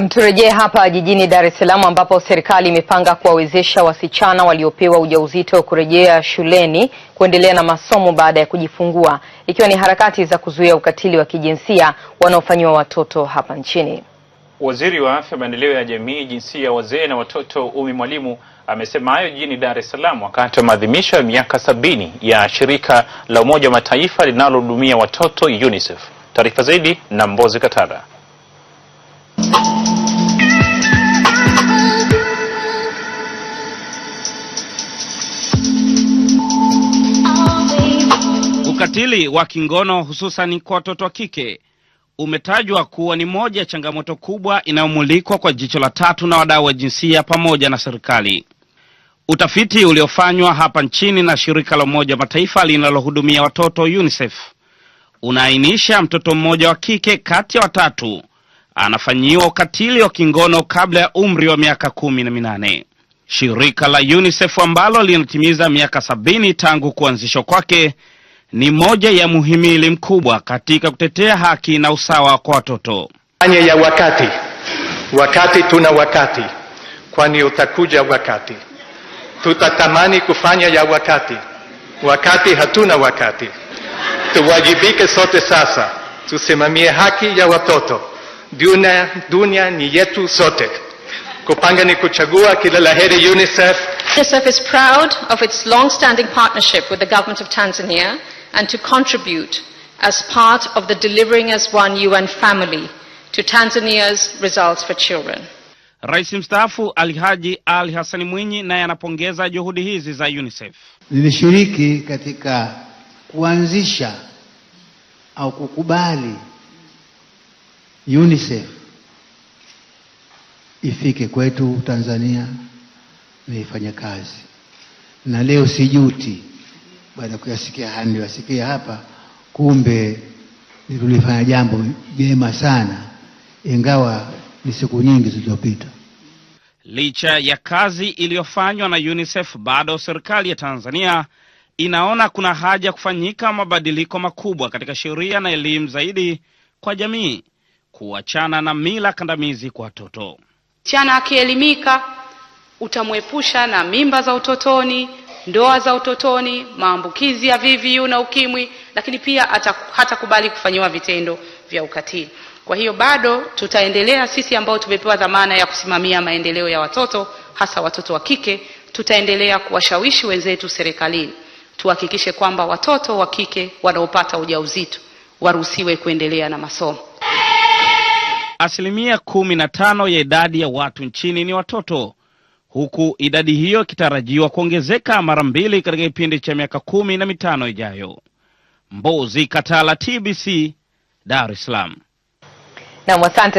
Na turejee hapa jijini Dar es Salaam ambapo serikali imepanga kuwawezesha wasichana waliopewa ujauzito kurejea shuleni kuendelea na masomo baada ya kujifungua ikiwa ni harakati za kuzuia ukatili wa kijinsia wanaofanyiwa watoto hapa nchini. Waziri wa Afya, Maendeleo ya Jamii, Jinsia, Wazee na Watoto, umi Mwalimu amesema hayo jijini Dar es Salaam wakati wa maadhimisho ya miaka sabini ya shirika la Umoja wa Mataifa linalohudumia watoto UNICEF. Taarifa zaidi na Mbozi Katara. Ukatili wa kingono hususan kwa watoto wa kike umetajwa kuwa ni moja ya changamoto kubwa inayomulikwa kwa jicho la tatu na wadau wa jinsia pamoja na serikali. Utafiti uliofanywa hapa nchini na shirika la Umoja wa Mataifa linalohudumia watoto UNICEF unaainisha mtoto mmoja wa kike kati ya watatu anafanyiwa ukatili wa kingono kabla ya umri wa miaka kumi na minane. Shirika la UNICEF ambalo linatimiza miaka sabini tangu kuanzishwa kwake ni moja ya muhimili mkubwa katika kutetea haki na usawa kwa watoto. Anya ya wakati wakati, tuna wakati, kwani utakuja wakati, tutatamani kufanya ya wakati, wakati hatuna wakati. Tuwajibike sote sasa, tusimamie haki ya watoto. Dunia, dunia ni yetu sote. Kupanga ni kuchagua. Kila la heri UNICEF. UNICEF is proud of its long-standing partnership with the government of Tanzania and to contribute as part of the Delivering as One UN family to Tanzania's results for children. Rais mstaafu Alhaji Ali Hassan Mwinyi naye anapongeza juhudi hizi za UNICEF. Nilishiriki katika kuanzisha au kukubali UNICEF ifike kwetu Tanzania, niifanye kazi na leo sijuti baada ya kuyasikia haya niliyoyasikia hapa, kumbe tulifanya jambo jema sana, ingawa ni siku nyingi zilizopita. Licha ya kazi iliyofanywa na UNICEF, bado serikali ya Tanzania inaona kuna haja kufanyika mabadiliko makubwa katika sheria na elimu zaidi kwa jamii, kuachana na mila kandamizi kwa watoto. Chana akielimika, utamwepusha na mimba za utotoni ndoa za utotoni, maambukizi ya VVU na ukimwi, lakini pia hatakubali kufanyiwa vitendo vya ukatili. Kwa hiyo bado tutaendelea sisi ambao tumepewa dhamana ya kusimamia maendeleo ya watoto hasa watoto wa kike, tutaendelea kuwashawishi wenzetu serikalini tuhakikishe kwamba watoto wa kike wanaopata ujauzito waruhusiwe kuendelea na masomo. Asilimia kumi na tano ya idadi ya watu nchini ni watoto huku idadi hiyo ikitarajiwa kuongezeka mara mbili katika kipindi cha miaka kumi na mitano ijayo. Mbozi Katala, TBC, Dar es Salaam. Naam, asante.